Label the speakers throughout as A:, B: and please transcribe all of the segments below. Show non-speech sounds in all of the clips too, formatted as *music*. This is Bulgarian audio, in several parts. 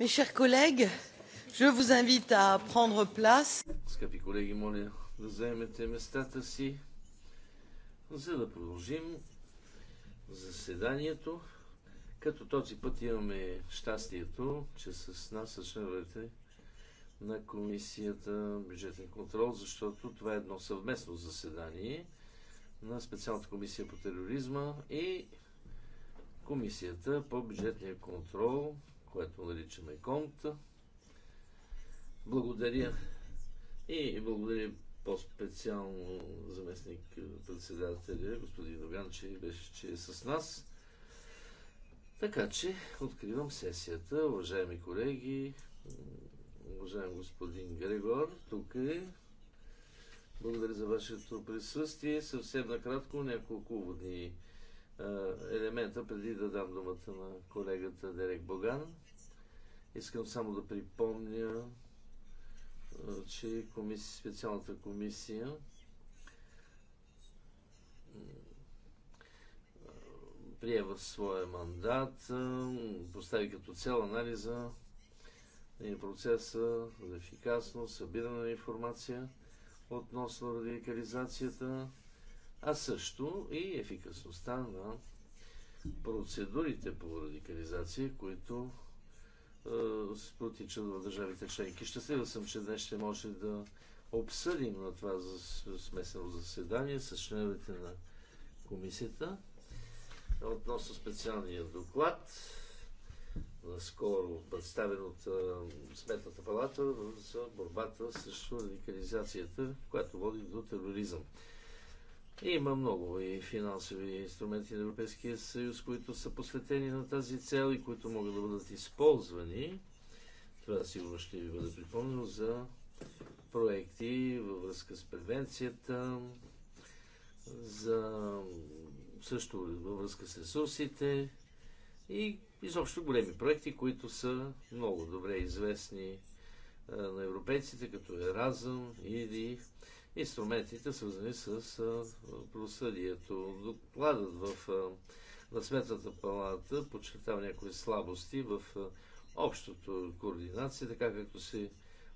A: Mes chers collègues, je vous invite à prendre place.
B: Скъпи колеги, моля да заемете местата си, за да продължим заседанието. Като този път имаме щастието, че с нас са членовете на Комисията бюджетен контрол, защото това е едно съвместно заседание на специалната комисия по тероризма и Комисията по бюджетния контрол което наричаме конт. Благодаря и благодаря по-специално заместник председателя, господин Доган, че беше че е с нас. Така че откривам сесията, уважаеми колеги, уважаем господин Грегор, тук е. Благодаря за вашето присъствие. Съвсем накратко няколко уводни елемента, преди да дам думата на колегата Дерек Боган. Искам само да припомня, че комисия, специалната комисия прие в своя мандат, постави като цел анализа и процеса за ефикасно събиране на информация относно радикализацията, а също и ефикасността на процедурите по радикализация, които е, протичат в държавите членки. Щастлива съм, че днес ще може да обсъдим на това смесено заседание с членовете на комисията относно специалния доклад, наскоро представен от е, Сметната палата за борбата срещу радикализацията, която води до тероризъм. Има много и финансови инструменти на Европейския съюз, които са посветени на тази цел и които могат да бъдат използвани. Това сигурно ще ви бъде припомнено за проекти във връзка с превенцията, за също във връзка с ресурсите и изобщо големи проекти, които са много добре известни на европейците, като Еразъм или инструментите, свързани с правосъдието. Докладът в, на Сметната палата подчертава някои слабости в общото координация, така както се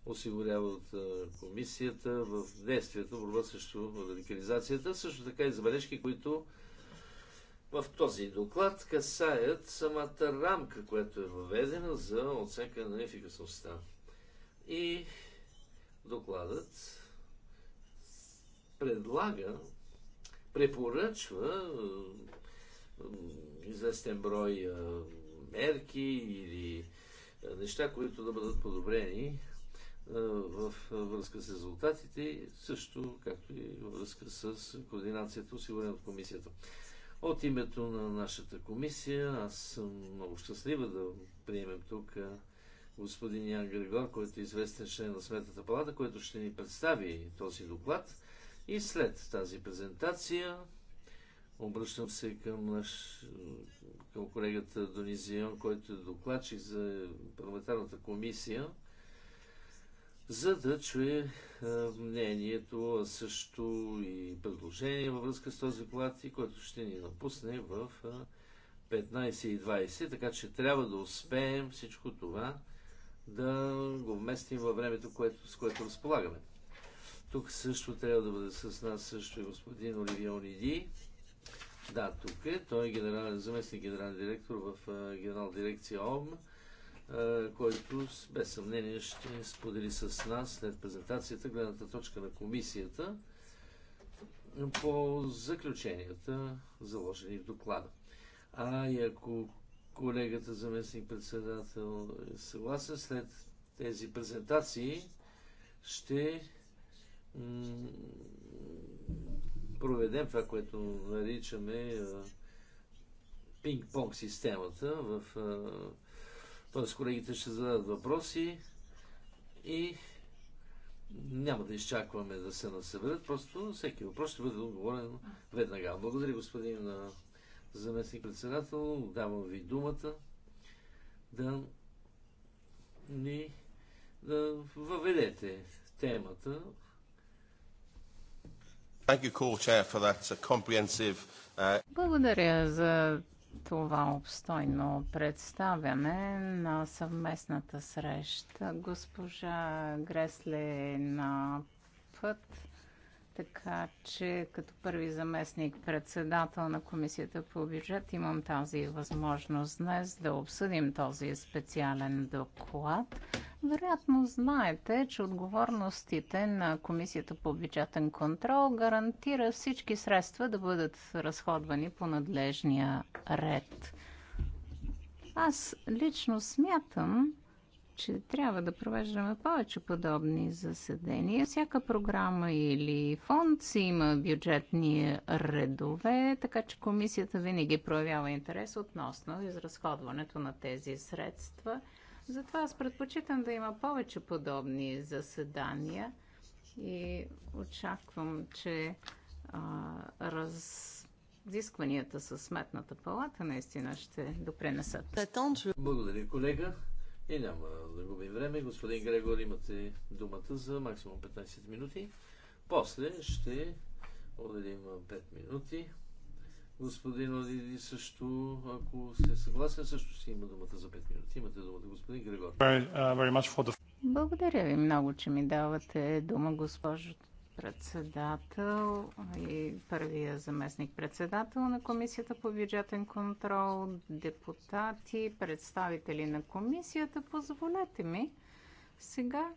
B: осигурява от комисията в действието борба срещу радикализацията. Също така и забележки, които в този доклад касаят самата рамка, която е въведена за оценка на ефикасността. И докладът предлага, препоръчва известен брой мерки или неща, които да бъдат подобрени в връзка с резултатите, също както и във връзка с координацията, осигурена от комисията. От името на нашата комисия аз съм много щастлива да приемем тук господин Ян Григор, който е известен член на Сметната палата, който ще ни представи този доклад. И след тази презентация обръщам се към, наш, към колегата Донизион, който е докладчик за парламентарната комисия, за да чуе е, мнението, а също и предложение във връзка с този доклад и който ще ни напусне в 15.20, е, така че трябва да успеем всичко това да го вместим във времето, което, с което разполагаме. Тук също трябва да бъде с нас също и господин Оливия Иди. Да, тук е. Той е генерал, заместник генерален директор в генерал дирекция ОМ, който без съмнение ще сподели с нас след презентацията гледната точка на комисията по заключенията, заложени в доклада. А и ако колегата заместник председател е съгласен, след тези презентации ще проведем това, което наричаме пинг-понг системата. В, колегите ще зададат въпроси и няма да изчакваме да се насъберат, просто всеки въпрос ще бъде отговорен веднага. Благодаря, господин заместник председател. Давам ви думата да ни да въведете темата Uh, uh, Благодаря за това
C: обстойно представяне на съвместната среща. Госпожа Гресле е на път, така че като първи заместник председател на Комисията по бюджет имам тази възможност днес да обсъдим този специален доклад. Вероятно знаете, че отговорностите на Комисията по бюджетен контрол гарантира всички средства да бъдат разходвани по надлежния ред. Аз лично смятам, че трябва да провеждаме повече подобни заседения. Всяка програма или фонд си има бюджетни редове, така че комисията винаги проявява интерес относно изразходването на тези средства затова аз предпочитам да има повече подобни заседания и очаквам, че а, разискванията с Сметната палата наистина ще допренесат.
B: Благодаря, колега. И няма да губим време. Господин Грегор, имате думата за максимум 15 минути. После ще отделим 5 минути Господин Одиди също, ако се съгласен, също си има думата за 5 минути. Имате думата, господин Григор. Uh,
C: Благодаря ви много, че ми давате дума, госпожо председател и първия заместник председател на Комисията по бюджетен контрол, депутати, представители на комисията. Позволете ми сега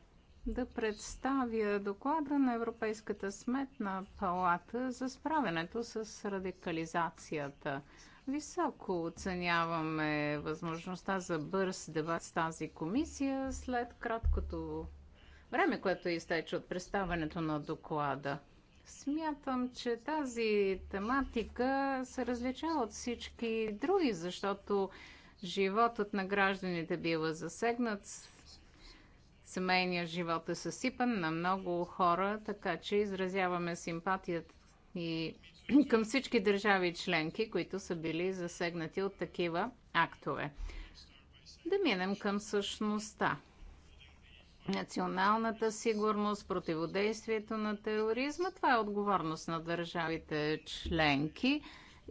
C: да представя доклада на Европейската сметна палата за справянето с радикализацията. Високо оценяваме възможността за бърз дебат с тази комисия след краткото време, което изтече от представянето на доклада. Смятам, че тази тематика се различава от всички други, защото животът на гражданите бива засегнат, Семейният живот е съсипан на много хора, така че изразяваме симпатията и *clears throat* към всички държави членки, които са били засегнати от такива актове. Да минем към същността. Националната сигурност, противодействието на тероризма, това е отговорност на държавите членки.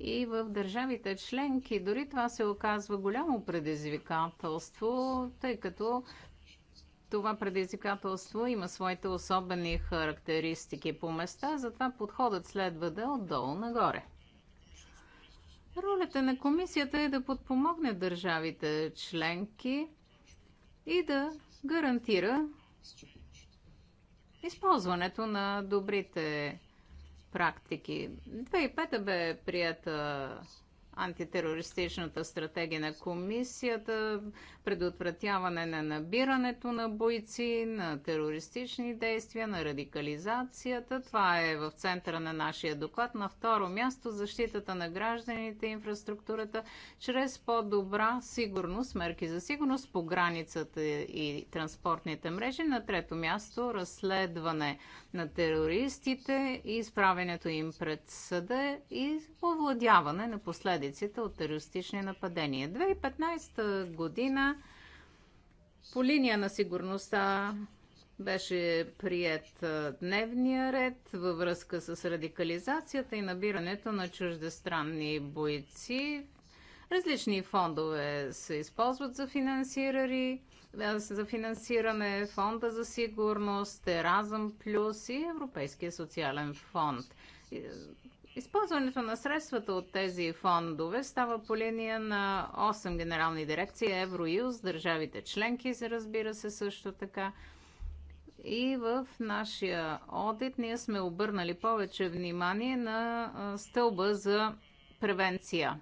C: И в държавите членки дори това се оказва голямо предизвикателство, тъй като това предизвикателство има своите особени характеристики по места, затова подходът следва да е отдолу нагоре. Ролята на комисията е да подпомогне държавите членки и да гарантира използването на добрите практики. 2005 бе прията антитерористичната стратегия на комисията, предотвратяване на набирането на бойци, на терористични действия, на радикализацията. Това е в центъра на нашия доклад. На второ място защитата на гражданите и инфраструктурата чрез по-добра сигурност, мерки за сигурност по границата и транспортните мрежи. На трето място разследване на терористите и изправенето им пред съда и овладяване на последиците последиците от терористични нападения. 2015 година по линия на сигурността беше прият дневния ред във връзка с радикализацията и набирането на чуждестранни бойци. Различни фондове се използват за финансиране, за финансиране фонда за сигурност, Еразъм Плюс и Европейския социален фонд. Използването на средствата от тези фондове става по линия на 8 генерални дирекции, Евроюз, държавите членки, се разбира се също така. И в нашия одит ние сме обърнали повече внимание на стълба за превенция.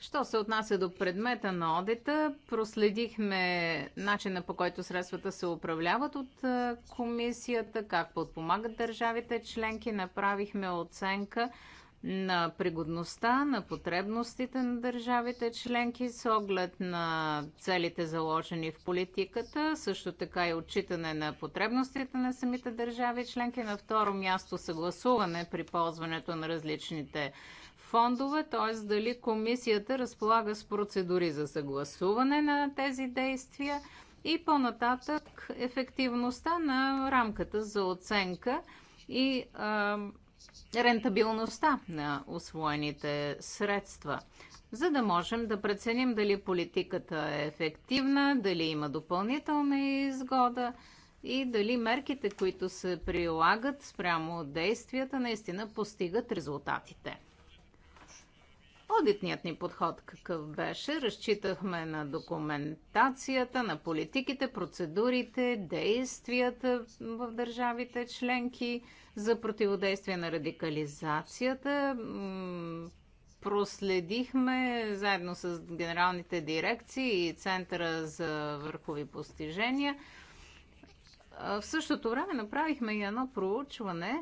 C: Що се отнася до предмета на одита, проследихме начина по който средствата се управляват от е, комисията, как подпомагат държавите членки, направихме оценка на пригодността, на потребностите на държавите членки с оглед на целите заложени в политиката, също така и отчитане на потребностите на самите държави членки. На второ място съгласуване при ползването на различните фондове, т.е. дали комисията разполага с процедури за съгласуване на тези действия и по-нататък ефективността на рамката за оценка и а, рентабилността на освоените средства, за да можем да преценим дали политиката е ефективна, дали има допълнителна изгода и дали мерките, които се прилагат спрямо от действията, наистина постигат резултатите. Одитният ни подход какъв беше? Разчитахме на документацията, на политиките, процедурите, действията в държавите членки за противодействие на радикализацията. Проследихме заедно с генералните дирекции и Центъра за върхови постижения. В същото време направихме и едно проучване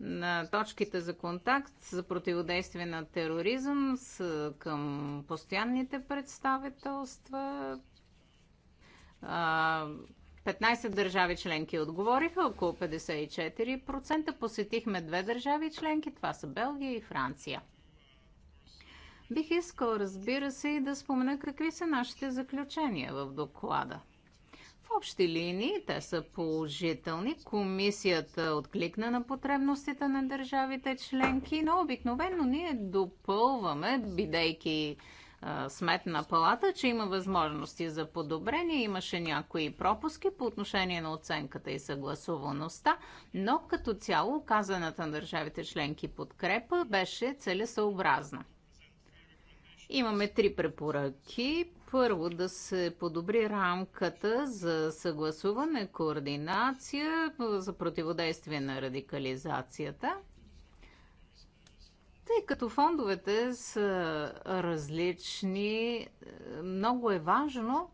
C: на точките за контакт за противодействие на тероризъм с, към постоянните представителства. 15 държави членки отговориха, около 54%. Посетихме две държави членки, това са Белгия и Франция. Бих искал, разбира се, и да спомена какви са нашите заключения в доклада общи линии те са положителни. Комисията откликна на потребностите на държавите членки, но обикновено ние допълваме, бидейки сметна палата, че има възможности за подобрение. Имаше някои пропуски по отношение на оценката и съгласуваността, но като цяло казаната на държавите членки подкрепа беше целесъобразна. Имаме три препоръки първо да се подобри рамката за съгласуване, координация за противодействие на радикализацията. Тъй като фондовете са различни, много е важно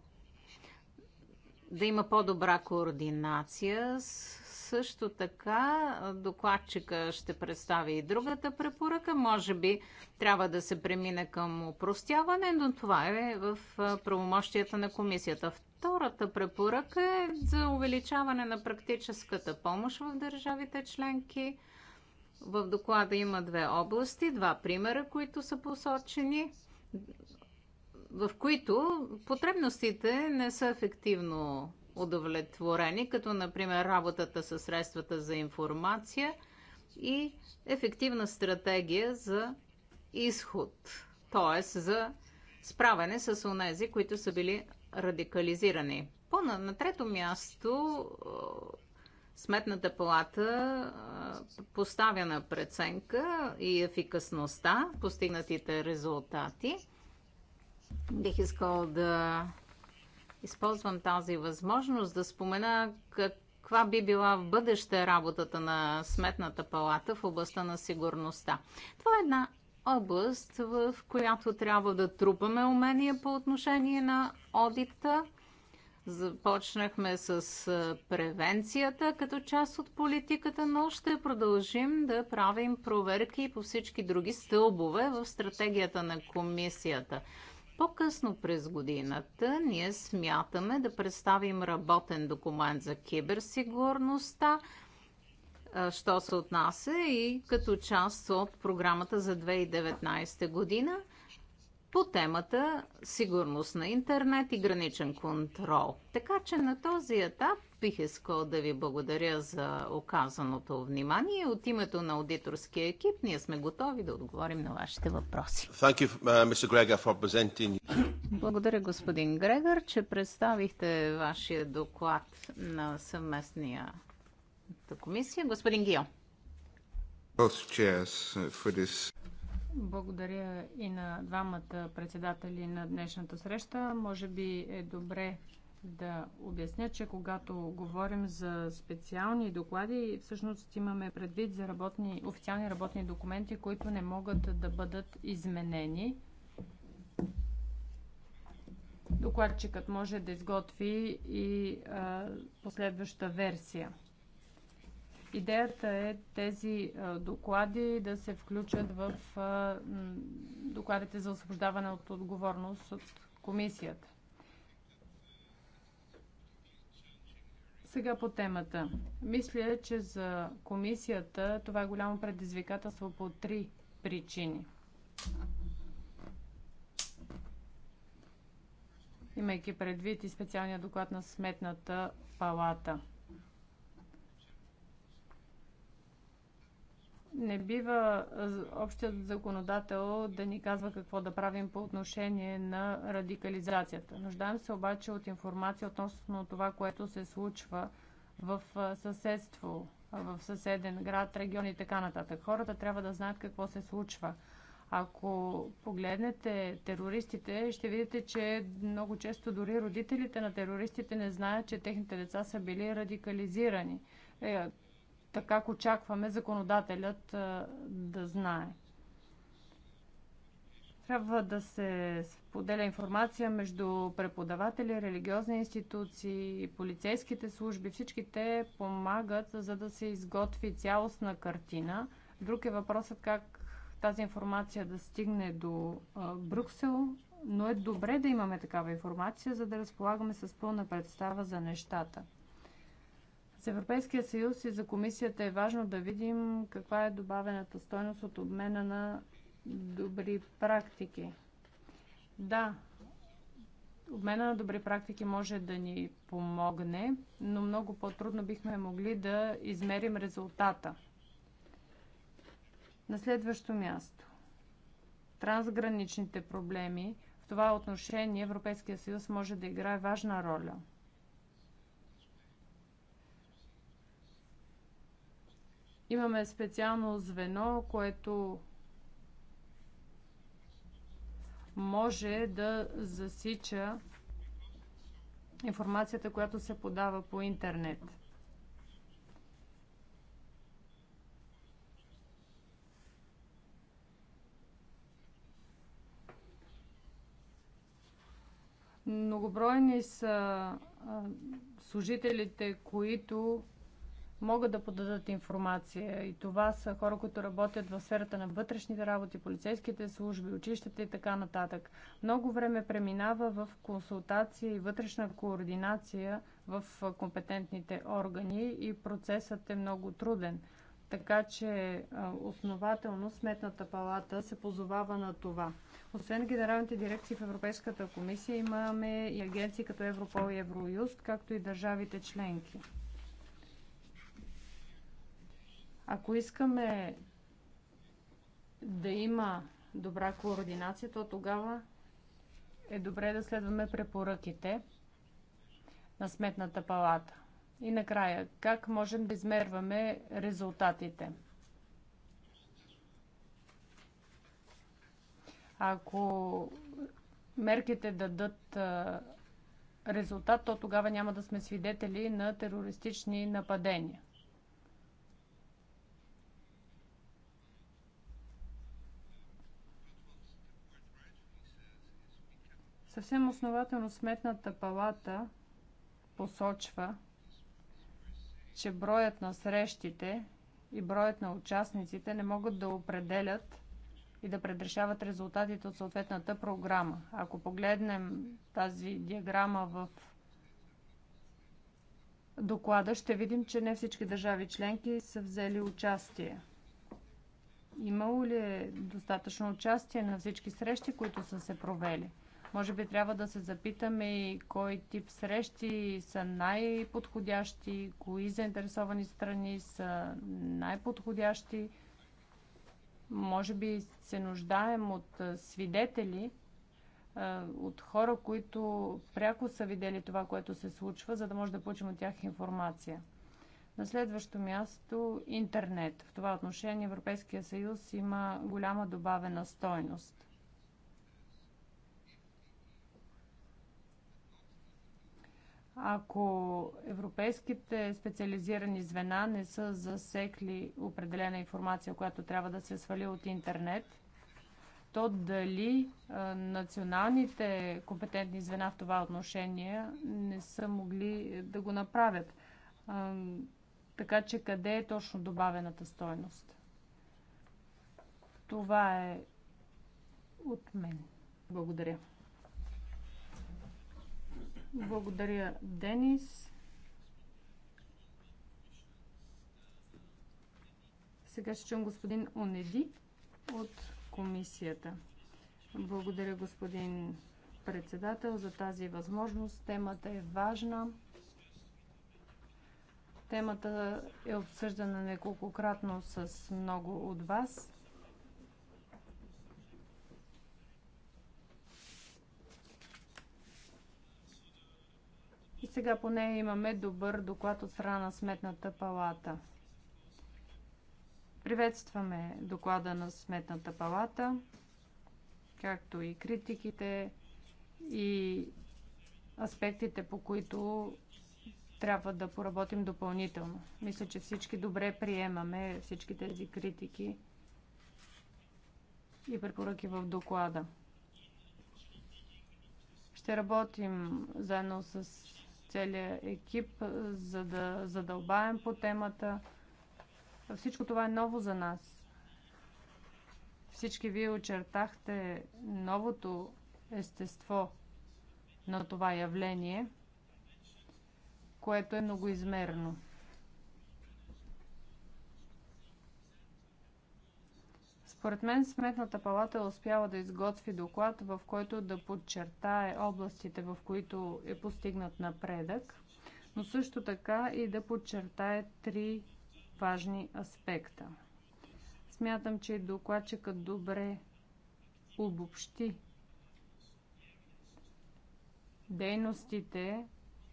C: да има по-добра координация с също така докладчика ще представи и другата препоръка. Може би трябва да се премине към упростяване, но това е в правомощията на комисията. Втората препоръка е за увеличаване на практическата помощ в държавите членки. В доклада има две области, два примера, които са посочени в които потребностите не са ефективно удовлетворени, като например работата със средствата за информация и ефективна стратегия за изход, т.е. за справяне с онези, които са били радикализирани. По на, на трето място Сметната палата поставя на преценка и ефикасността, постигнатите резултати. Бих искал да Използвам тази възможност да спомена каква би била в бъдеще работата на Сметната палата в областта на сигурността. Това е една област, в която трябва да трупаме умения по отношение на одита. Започнахме с превенцията като част от политиката, но ще продължим да правим проверки по всички други стълбове в стратегията на комисията. По-късно през годината ние смятаме да представим работен документ за киберсигурността, що се отнася и като част от програмата за 2019 година по темата сигурност на интернет и граничен контрол. Така че на този етап бих искал да ви благодаря за оказаното внимание. От името на аудиторския екип ние сме готови да отговорим на вашите въпроси.
B: You, uh, Gregor,
C: благодаря, господин Грегор, че представихте вашия доклад на съвместния комисия. Господин Гио.
B: Uh,
A: благодаря и на двамата председатели на днешната среща. Може би е добре да обясня, че когато говорим за специални доклади, всъщност имаме предвид за работни, официални работни документи, които не могат да бъдат изменени. Докладчикът може да изготви и а, последваща версия. Идеята е тези доклади да се включат в докладите за освобождаване от отговорност от комисията. Сега по темата. Мисля, че за комисията това е голямо предизвикателство по три причини. Имайки предвид и специалния доклад на Сметната палата – Не бива общият законодател да ни казва какво да правим по отношение на радикализацията. Нуждаем се обаче от информация относно това, което се случва в съседство, в съседен град, регион и така нататък. Хората трябва да знаят какво се случва. Ако погледнете терористите, ще видите, че много често дори родителите на терористите не знаят, че техните деца са били радикализирани. Е, така очакваме законодателят да знае. Трябва да се споделя информация между преподаватели, религиозни институции, полицейските служби. Всички те помагат, за да се изготви цялостна картина. Друг е въпросът как тази информация да стигне до Брюксел, но е добре да имаме такава информация, за да разполагаме с пълна представа за нещата. За Европейския съюз и за комисията е важно да видим каква е добавената стойност от обмена на добри практики. Да, обмена на добри практики може да ни помогне, но много по-трудно бихме могли да измерим резултата. На следващо място. Трансграничните проблеми. В това отношение Европейския съюз може да играе важна роля – Имаме специално звено, което може да засича информацията, която се подава по интернет. Многобройни са служителите, които могат да подадат информация. И това са хора, които работят в сферата на вътрешните работи, полицейските служби, училищата и така нататък. Много време преминава в консултация и вътрешна координация в компетентните органи и процесът е много труден. Така че основателно Сметната палата се позовава на това. Освен генералните дирекции в Европейската комисия, имаме и агенции като Европол и Евроюст, както и държавите членки. Ако искаме да има добра координация, то тогава е добре да следваме препоръките на Сметната палата. И накрая, как можем да измерваме резултатите? Ако мерките дадат резултат, то тогава няма да сме свидетели на терористични нападения. Съвсем основателно сметната палата посочва, че броят на срещите и броят на участниците не могат да определят и да предрешават резултатите от съответната програма. Ако погледнем тази диаграма в доклада, ще видим, че не всички държави членки са взели участие. Имало ли е достатъчно участие на всички срещи, които са се провели? Може би трябва да се запитаме и кой тип срещи са най-подходящи, кои заинтересовани страни са най-подходящи. Може би се нуждаем от свидетели, от хора, които пряко са видели това, което се случва, за да може да получим от тях информация. На следващо място интернет. В това отношение Европейския съюз има голяма добавена стойност – ако европейските специализирани звена не са засекли определена информация, която трябва да се свали от интернет, то дали националните компетентни звена в това отношение не са могли е, да го направят. Така че къде е точно добавената стойност? Това е от мен. Благодаря. Благодаря, Денис. Сега ще чум господин Онеди от комисията. Благодаря, господин председател, за тази възможност. Темата е важна. Темата е обсъждана неколкократно с много от вас. И сега поне имаме добър доклад от страна на Сметната палата. Приветстваме доклада на Сметната палата, както и критиките и аспектите, по които трябва да поработим допълнително. Мисля, че всички добре приемаме всички тези критики и препоръки в доклада. Ще работим заедно с Целият екип, за да задълбаем по темата. Всичко това е ново за нас. Всички вие очертахте новото естество на това явление, което е многоизмерно. Според мен Сметната палата е успяла да изготви доклад, в който да подчертае областите, в които е постигнат напредък, но също така и да подчертае три важни аспекта. Смятам, че докладчикът добре обобщи дейностите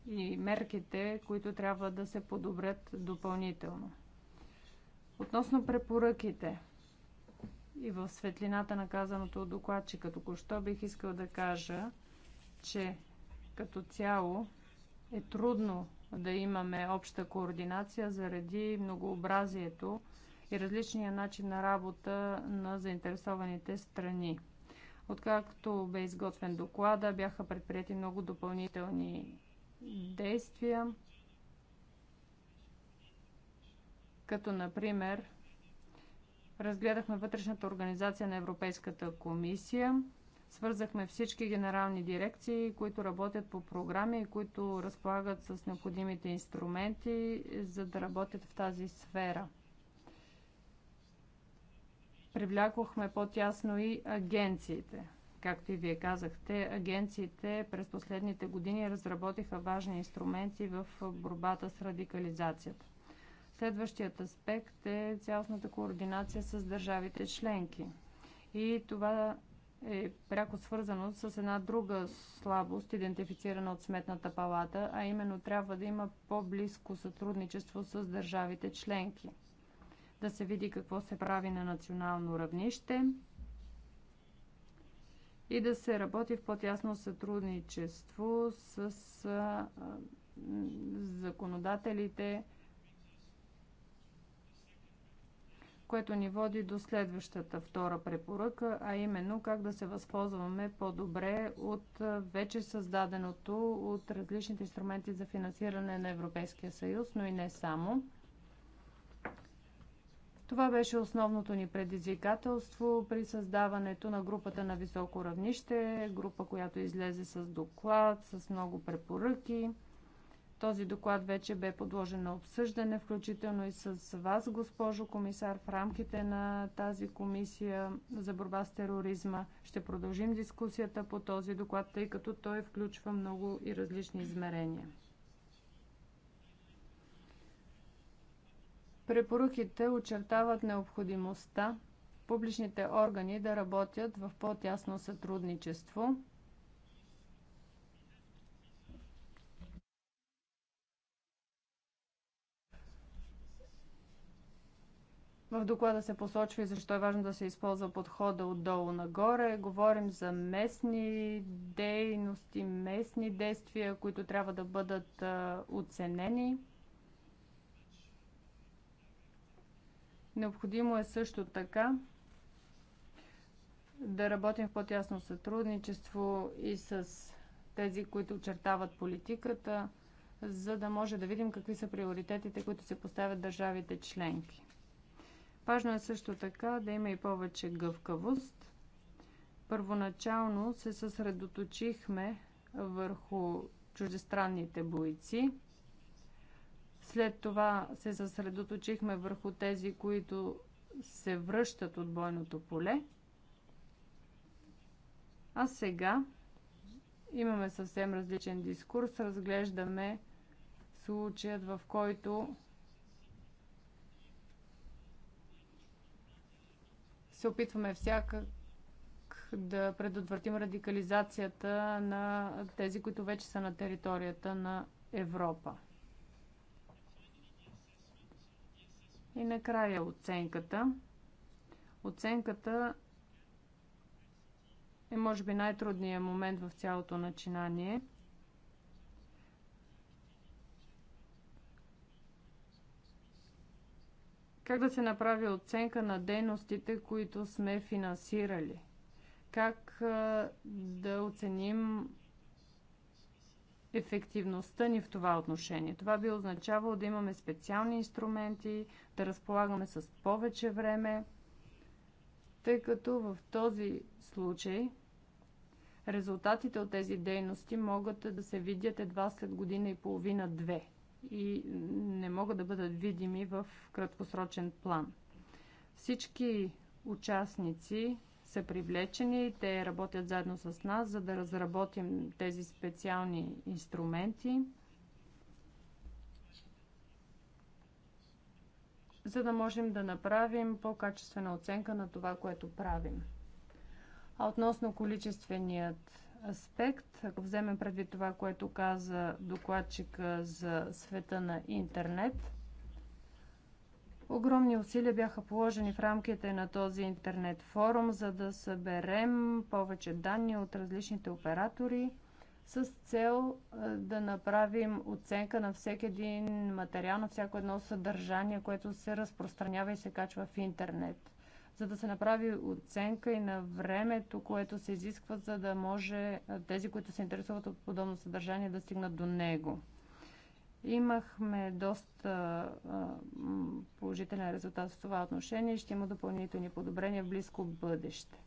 A: и мерките, които трябва да се подобрят допълнително. Относно препоръките – и в светлината на казаното от докладчика току-що бих искал да кажа, че като цяло е трудно да имаме обща координация заради многообразието и различния начин на работа на заинтересованите страни. Откакто бе изготвен доклада, бяха предприяти много допълнителни действия, като например Разгледахме вътрешната организация на Европейската комисия. Свързахме всички генерални дирекции, които работят по програми и които разполагат с необходимите инструменти, за да работят в тази сфера. Привлякохме по-тясно и агенциите. Както и вие казахте, агенциите през последните години разработиха важни инструменти в борбата с радикализацията. Следващият аспект е цялостната координация с държавите членки. И това е пряко свързано с една друга слабост, идентифицирана от Сметната палата, а именно трябва да има по-близко сътрудничество с държавите членки. Да се види какво се прави на национално равнище и да се работи в по-тясно сътрудничество с законодателите, което ни води до следващата втора препоръка, а именно как да се възползваме по-добре от вече създаденото от различните инструменти за финансиране на Европейския съюз, но и не само. Това беше основното ни предизвикателство при създаването на групата на високо равнище, група, която излезе с доклад, с много препоръки – този доклад вече бе подложен на обсъждане, включително и с вас, госпожо комисар, в рамките на тази комисия за борба с тероризма. Ще продължим дискусията по този доклад, тъй като той включва много и различни измерения. Препоръките очертават необходимостта публичните органи да работят в по-тясно сътрудничество – В доклада се посочва и защо е важно да се използва подхода отдолу нагоре. Говорим за местни дейности, местни действия, които трябва да бъдат оценени. Необходимо е също така да работим в по-тясно сътрудничество и с тези, които очертават политиката, за да може да видим какви са приоритетите, които се поставят държавите членки. Важно е също така да има и повече гъвкавост. Първоначално се съсредоточихме върху чуждестранните бойци. След това се съсредоточихме върху тези, които се връщат от бойното поле. А сега имаме съвсем различен дискурс. Разглеждаме случаят, в който се опитваме всякак да предотвратим радикализацията на тези, които вече са на територията на Европа. И накрая оценката. Оценката е може би най-трудният момент в цялото начинание – Как да се направи оценка на дейностите, които сме финансирали? Как да оценим ефективността ни в това отношение. Това би означавало да имаме специални инструменти, да разполагаме с повече време, тъй като в този случай резултатите от тези дейности могат да се видят едва след година и половина-две и не могат да бъдат видими в краткосрочен план. Всички участници са привлечени и те работят заедно с нас, за да разработим тези специални инструменти, за да можем да направим по-качествена оценка на това, което правим. А относно количественият аспект, ако вземем предвид това, което каза докладчика за света на интернет, огромни усилия бяха положени в рамките на този интернет форум, за да съберем повече данни от различните оператори с цел да направим оценка на всеки един материал, на всяко едно съдържание, което се разпространява и се качва в интернет за да се направи оценка и на времето, което се изисква, за да може тези, които се интересуват от подобно съдържание, да стигнат до него. Имахме доста положителен резултат в това отношение и ще има допълнителни подобрения в близко бъдеще.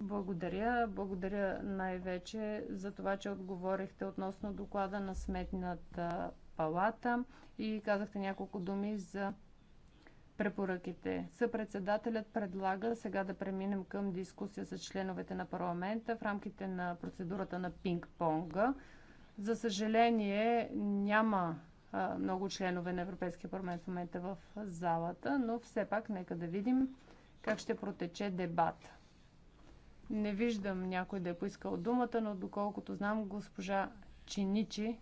A: Благодаря. Благодаря най-вече за това, че отговорихте относно доклада на Сметната палата и казахте няколко думи за препоръките. Съпредседателят предлага сега да преминем към дискусия с членовете на парламента в рамките на процедурата на пинг-понга. За съжаление, няма много членове на Европейския парламент в момента в залата, но все пак нека да видим как ще протече дебат. Не виждам някой да е поискал думата, но доколкото знам, госпожа Чиничи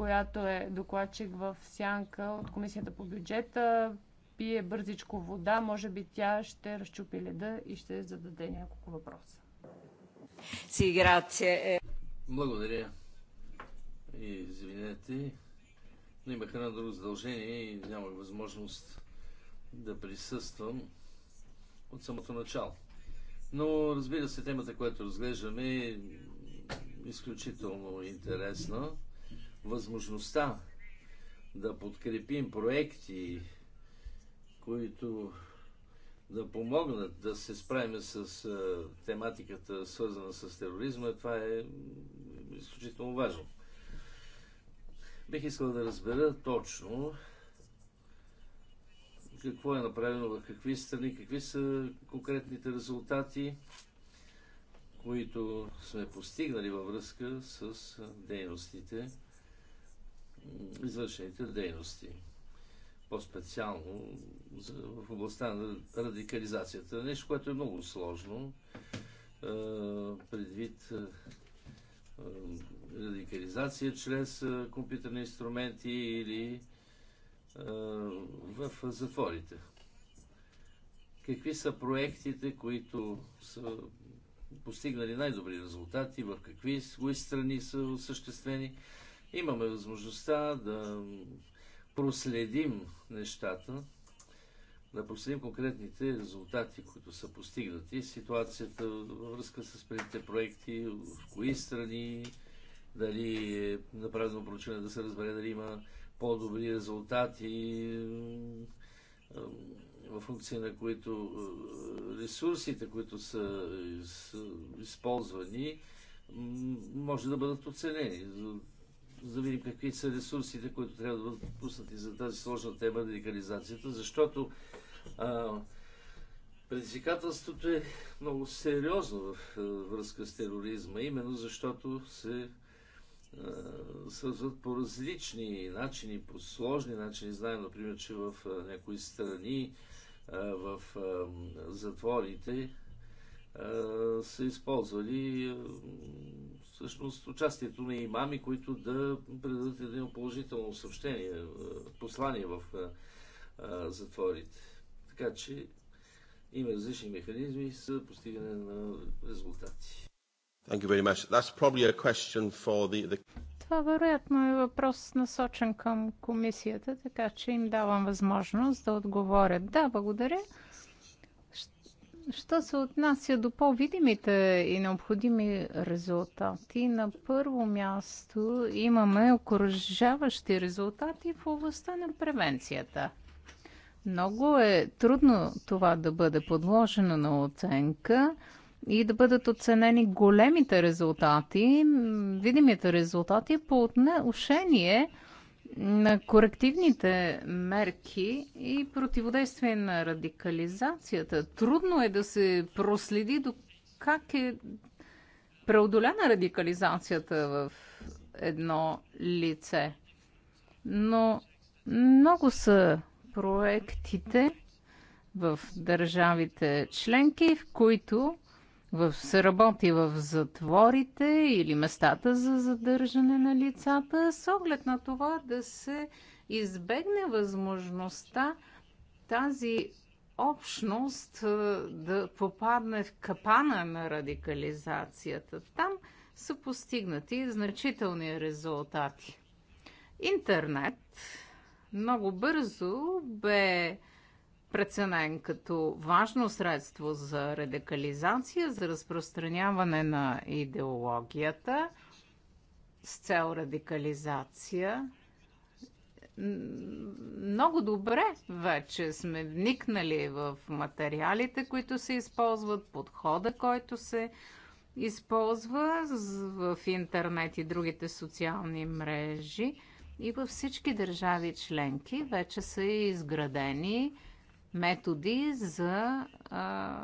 A: която е докладчик в Сянка от Комисията по бюджета, пие бързичко вода. Може би тя ще разчупи леда и ще зададе няколко въпроса.
C: Си, грация.
B: Благодаря. Извинете, но имах едно друго задължение и нямах възможност да присъствам от самото начало. Но разбира се, темата, която разглеждаме е изключително интересна възможността да подкрепим проекти, които да помогнат да се справим с тематиката, свързана с тероризма, това е изключително важно. Бих искал да разбера точно какво е направено в какви страни, какви са конкретните резултати, които сме постигнали във връзка с дейностите извършените дейности. По-специално в областта на радикализацията. Нещо, което е много сложно е, предвид е, е, радикализация чрез компютърни инструменти или в затворите. Какви са проектите, които са постигнали най-добри резултати, в какви страни са осъществени? Имаме възможността да проследим нещата, да проследим конкретните резултати, които са постигнати, ситуацията във връзка с предните проекти, в кои страни, дали е направено проучване да се разбере дали има по-добри резултати, в функция на които ресурсите, които са, са използвани, може да бъдат оценени да видим какви са ресурсите, които трябва да бъдат пуснати за тази сложна тема радикализацията, защото а, предизвикателството е много сериозно в връзка с тероризма, именно защото се свързват по различни начини, по сложни начини. Знаем, например, че в някои страни, в затворите, са използвали всъщност участието на имами, които да предадат едно положително съобщение, е, послание в е, е, затворите. Така че има различни механизми за постигане на резултати.
A: Thank you very much. That's probably a question for the, the...
C: Това вероятно е въпрос насочен към комисията, така че им давам възможност да отговорят. Да, благодаря. Що се отнася до по-видимите и необходими резултати, на първо място имаме окоръжаващи резултати в областта на превенцията. Много е трудно това да бъде подложено на оценка и да бъдат оценени големите резултати, видимите резултати по отношение на корективните мерки и противодействие на радикализацията. Трудно е да се проследи до как е преодоляна радикализацията в едно лице. Но много са проектите в държавите членки, в които в, се работи в затворите или местата за задържане на лицата, с оглед на това да се избегне възможността тази общност е, да попадне в капана на радикализацията. Там са постигнати значителни резултати. Интернет много бързо бе преценен като важно средство за радикализация, за разпространяване на идеологията с цел радикализация. Много добре вече сме вникнали в материалите, които се използват, подхода, който се използва в интернет и другите социални мрежи. И във всички държави членки вече са изградени методи за а,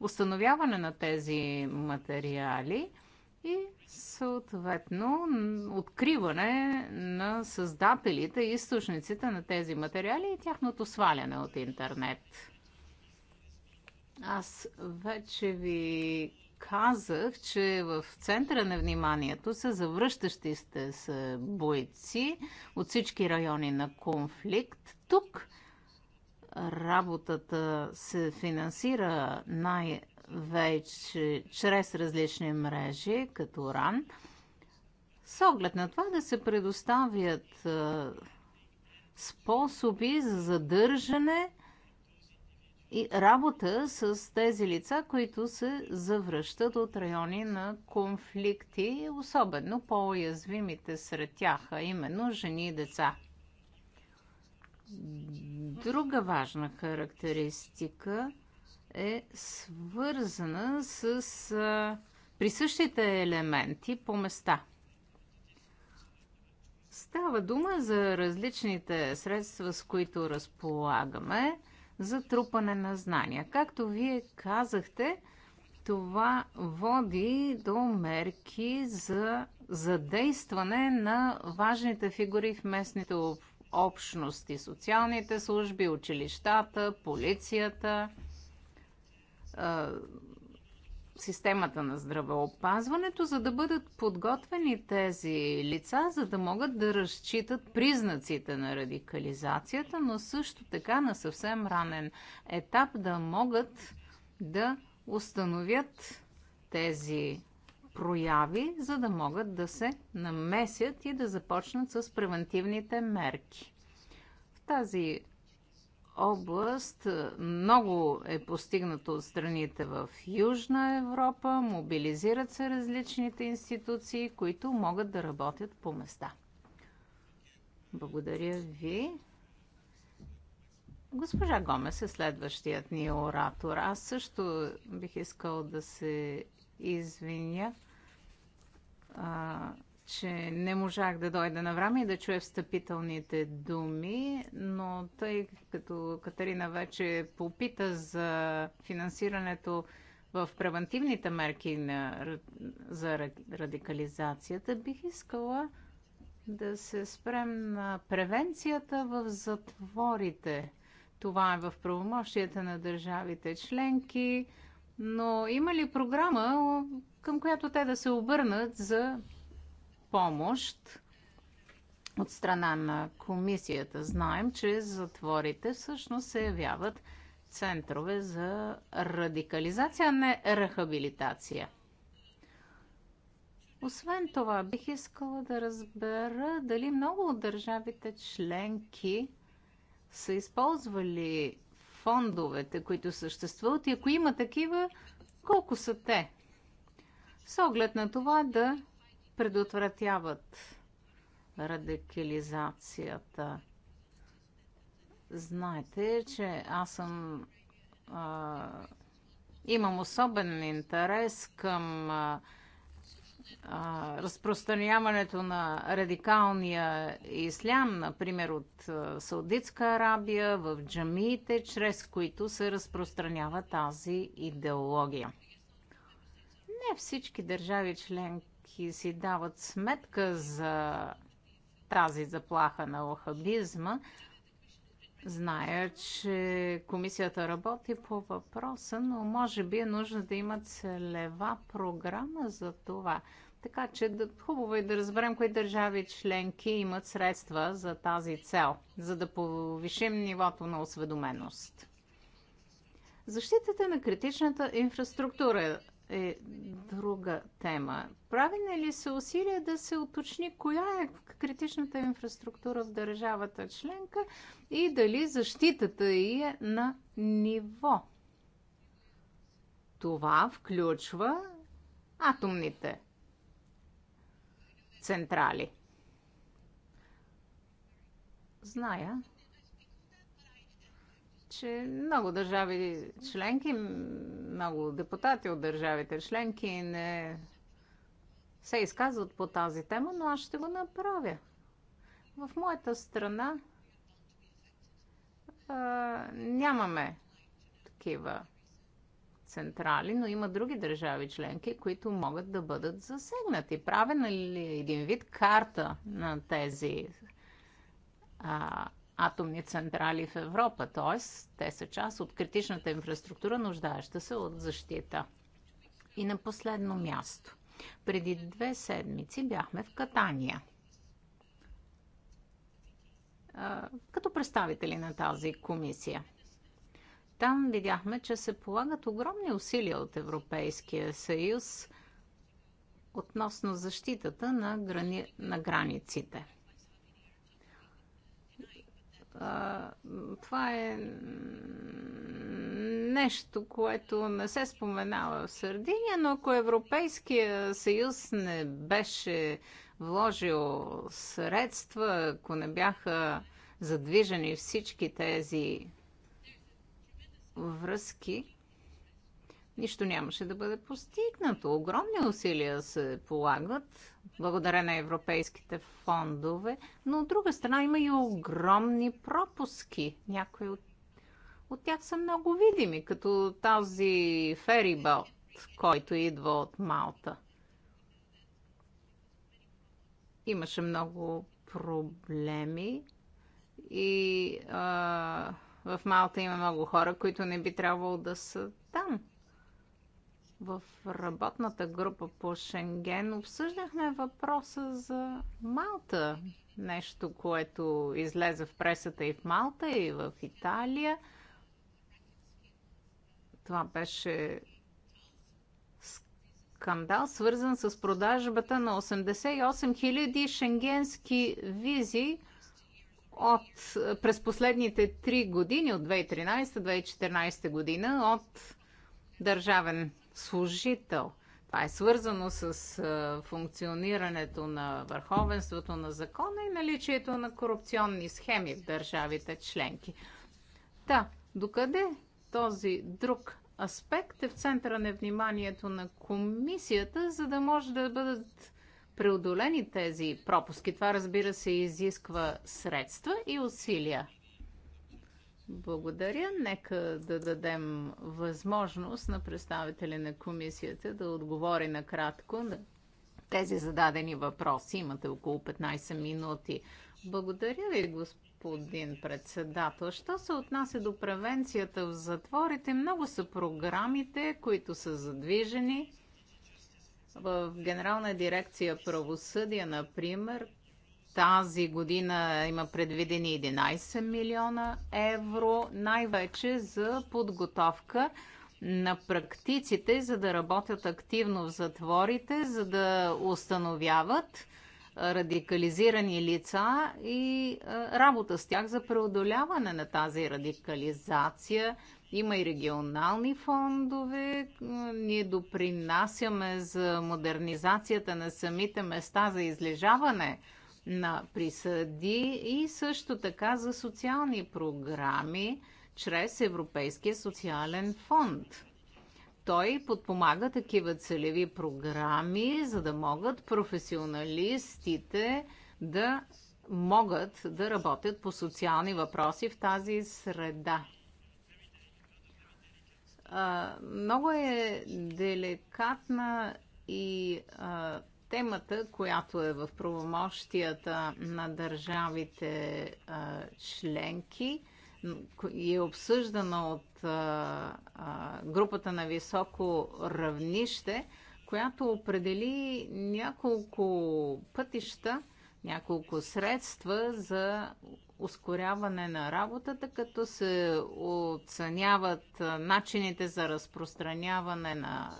C: установяване на тези материали и съответно откриване на създателите и източниците на тези материали и тяхното сваляне от интернет. Аз вече ви казах, че в центъра на вниманието са завръщащи сте с бойци от всички райони на конфликт. Тук работата се финансира най-вече чрез различни мрежи, като РАН, с оглед на това да се предоставят способи за задържане и работа с тези лица, които се завръщат от райони на конфликти, особено по-уязвимите сред тях, а именно жени и деца. Друга важна характеристика е свързана с присъщите елементи по места. Става дума за различните средства, с които разполагаме за трупане на знания. Както вие казахте, това води до мерки за задействане на важните фигури в местните общности, социалните служби, училищата, полицията, системата на здравеопазването, за да бъдат подготвени тези лица, за да могат да разчитат признаците на радикализацията, но също така на съвсем ранен етап да могат да установят тези прояви, за да могат да се намесят и да започнат с превентивните мерки. В тази област много е постигнато от страните в Южна Европа. Мобилизират се различните институции, които могат да работят по места. Благодаря ви. Госпожа Гомес е следващият ни оратор. Аз също бих искал да се извиня, а, че не можах да дойда на време и да чуя встъпителните думи, но тъй като Катерина вече попита за финансирането в превентивните мерки на, за радикализацията, бих искала да се спрем на превенцията в затворите. Това е в правомощията на държавите членки но има ли програма, към която те да се обърнат за помощ от страна на комисията? Знаем, че затворите всъщност се явяват центрове за радикализация, а не рехабилитация. Освен това, бих искала да разбера дали много от държавите членки са използвали фондовете, които съществуват и ако има такива, колко са те? С оглед на това да предотвратяват радикализацията. Знаете, че аз съм. А, имам особен интерес към. А, а, разпространяването на радикалния ислям, например от Саудитска Арабия, в джамиите, чрез които се разпространява тази идеология. Не всички държави членки си дават сметка за тази заплаха на лохабизма, Зная, че комисията работи по въпроса, но може би е нужно да има целева програма за това. Така че да, хубаво е да разберем кои държави членки имат средства за тази цел, за да повишим нивото на осведоменост. Защитата на критичната инфраструктура е друга тема. Правене ли се усилия да се уточни коя е критичната инфраструктура в държавата членка и дали защитата й е на ниво. Това включва атомните централи. Зная, че много държави членки, много депутати от държавите членки не се изказват по тази тема, но аз ще го направя. В моята страна а, нямаме такива централи, но има други държави членки, които могат да бъдат засегнати. Правена ли е един вид карта на тези а, атомни централи в Европа? Т.е. те са част от критичната инфраструктура, нуждаеща се от защита. И на последно място – преди две седмици бяхме в Катания. Като представители на тази комисия. Там видяхме, че се полагат огромни усилия от Европейския съюз относно защитата на, грани... на границите. Това е нещо, което не се споменава в Сърдиния, но ако Европейския съюз не беше вложил средства, ако не бяха задвижени всички тези връзки, нищо нямаше да бъде постигнато. Огромни усилия се полагат, благодаря на европейските фондове, но от друга страна има и огромни пропуски. Някои от от тях са много видими, като този ферибот, който идва от Малта. Имаше много проблеми и а, в Малта има много хора, които не би трябвало да са там. В работната група по Шенген обсъждахме въпроса за Малта. Нещо, което излезе в пресата и в Малта, и в Италия – това беше скандал, свързан с продажбата на 88 000 шенгенски визи от, през последните 3 години, от 2013-2014 година, от държавен служител. Това е свързано с функционирането на върховенството на закона и наличието на корупционни схеми в държавите членки. Да, докъде този друг аспект е в центъра на вниманието на комисията, за да може да бъдат преодолени тези пропуски. Това, разбира се, изисква средства и усилия. Благодаря. Нека да дадем възможност на представители на комисията да отговори накратко на тези зададени въпроси. Имате около 15 минути. Благодаря ви, господин господин председател. Що се отнася до превенцията в затворите, много са програмите, които са задвижени. В Генерална дирекция правосъдие, например, тази година има предвидени 11 милиона евро, най-вече за подготовка на практиците, за да работят активно в затворите, за да установяват радикализирани лица и работа с тях за преодоляване на тази радикализация. Има и регионални фондове. Ние допринасяме за модернизацията на самите места за излежаване на присъди и също така за социални програми чрез Европейския социален фонд той подпомага такива целеви програми, за да могат професионалистите да могат да работят по социални въпроси в тази среда. А, много е деликатна и а, темата, която е в правомощията на държавите а, членки – и е обсъждана от групата на високо равнище, която определи няколко пътища, няколко средства за ускоряване на работата, като се оценяват начините за разпространяване на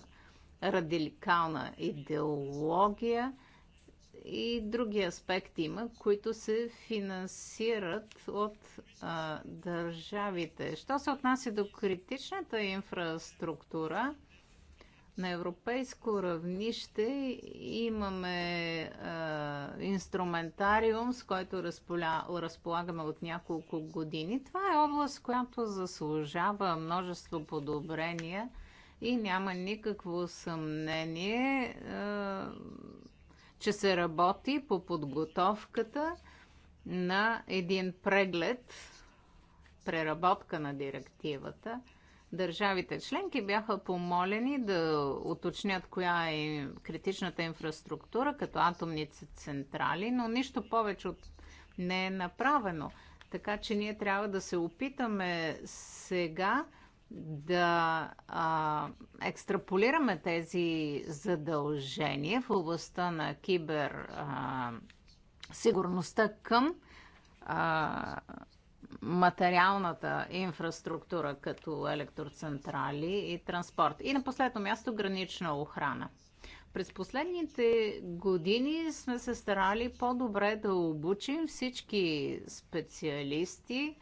C: радикална идеология, и други аспекти има, които се финансират от а, държавите. Що се отнася до критичната инфраструктура, на европейско равнище имаме а, инструментариум, с който разполя, разполагаме от няколко години. Това е област, която заслужава множество подобрения и няма никакво съмнение. А, че се работи по подготовката на един преглед, преработка на директивата. Държавите членки бяха помолени да уточнят коя е критичната инфраструктура, като атомните централи, но нищо повече от не е направено. Така че ние трябва да се опитаме сега да а, екстраполираме тези задължения в областта на кибер а, сигурността към а, материалната инфраструктура като електроцентрали и транспорт. И на последно място гранична охрана. През последните години сме се старали по-добре да обучим всички специалисти,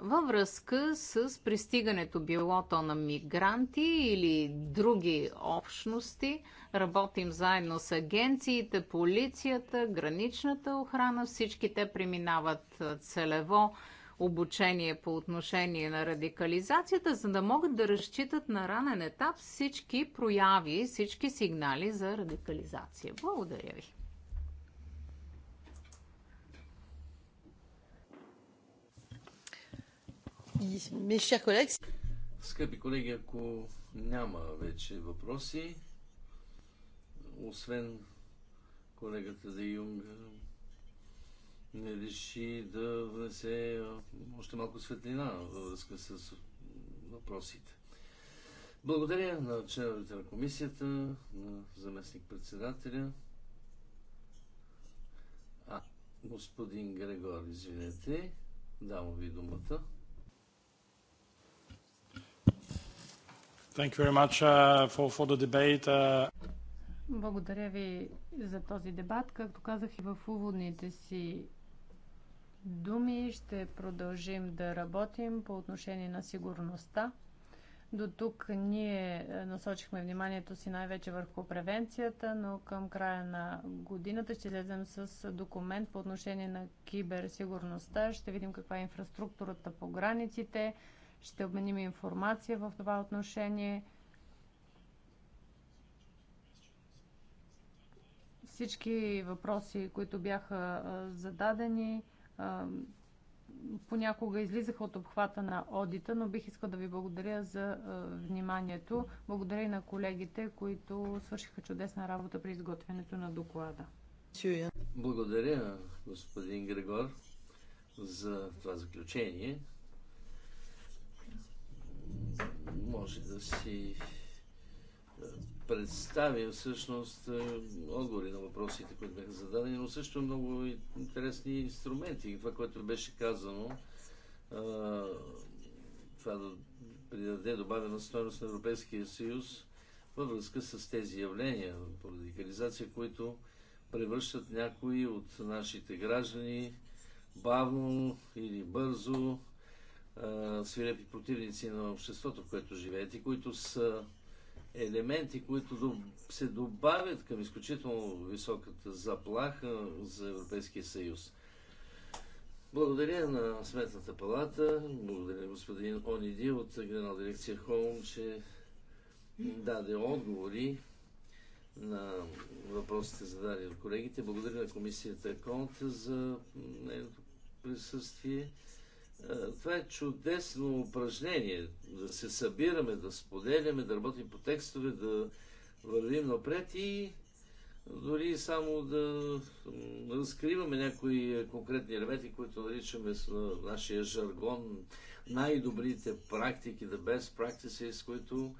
C: във връзка с пристигането било то на мигранти или други общности. Работим заедно с агенциите, полицията, граничната охрана. Всички те преминават целево обучение по отношение на радикализацията, за да могат да разчитат на ранен етап всички прояви, всички сигнали за радикализация. Благодаря ви.
B: Скъпи колеги, ако няма вече въпроси, освен колегата Де Юнг не реши да внесе още малко светлина във връзка с въпросите. Благодаря на членовете на комисията, на заместник-председателя. А, господин Грегор, извинете, давам ви думата.
A: Thank you very much uh, for, for the debate. Uh. Благодаря ви за този дебат. Както казах и в уводните си думи, ще продължим да работим по отношение на сигурността. До тук ние е, насочихме вниманието си най-вече върху превенцията, но към края на годината ще излезем с документ по отношение на киберсигурността. Ще видим каква е инфраструктурата по границите, ще обменим информация в това отношение. Всички въпроси, които бяха зададени, понякога излизаха от обхвата на одита, но бих искал да ви благодаря за вниманието. Благодаря и на колегите, които свършиха чудесна работа при изготвянето на доклада.
B: Благодаря, господин Григор, за това заключение може да си е, представя всъщност е, отговори на въпросите, които бяха зададени, но също много интересни инструменти. Това, което беше казано, е, това да придаде добавена стоеност на Европейския съюз във връзка с тези явления по радикализация, които превръщат някои от нашите граждани бавно или бързо свирепи противници на обществото, в което живеят и които са елементи, които се добавят към изключително високата заплаха за Европейския съюз. Благодаря на Сметната палата, благодаря господин Ониди от Генерал дирекция Холм, че даде отговори на въпросите зададени от колегите. Благодаря на комисията Конт за нейното присъствие. Е, това е чудесно упражнение. Да се събираме, да споделяме, да работим по текстове, да вървим напред и дори само да разкриваме някои е, конкретни елементи, които наричаме с нашия жаргон най-добрите практики, the best practices, които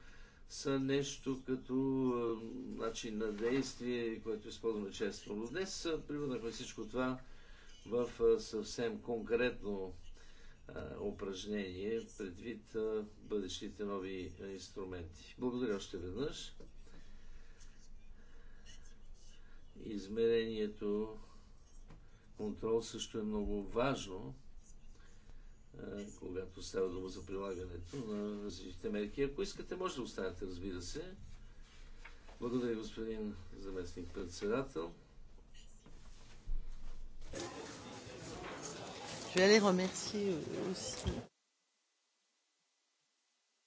B: са нещо като е, начин на действие, което използваме често. Но днес превърнахме всичко това в съвсем конкретно е, упражнение предвид е, бъдещите нови е, инструменти. Благодаря още веднъж. Измерението контрол също е много важно, когато става дума за прилагането на различните мерки. Ако искате, може да останете, разбира се. Благодаря, господин заместник председател.
A: Je vais les remercier aussi.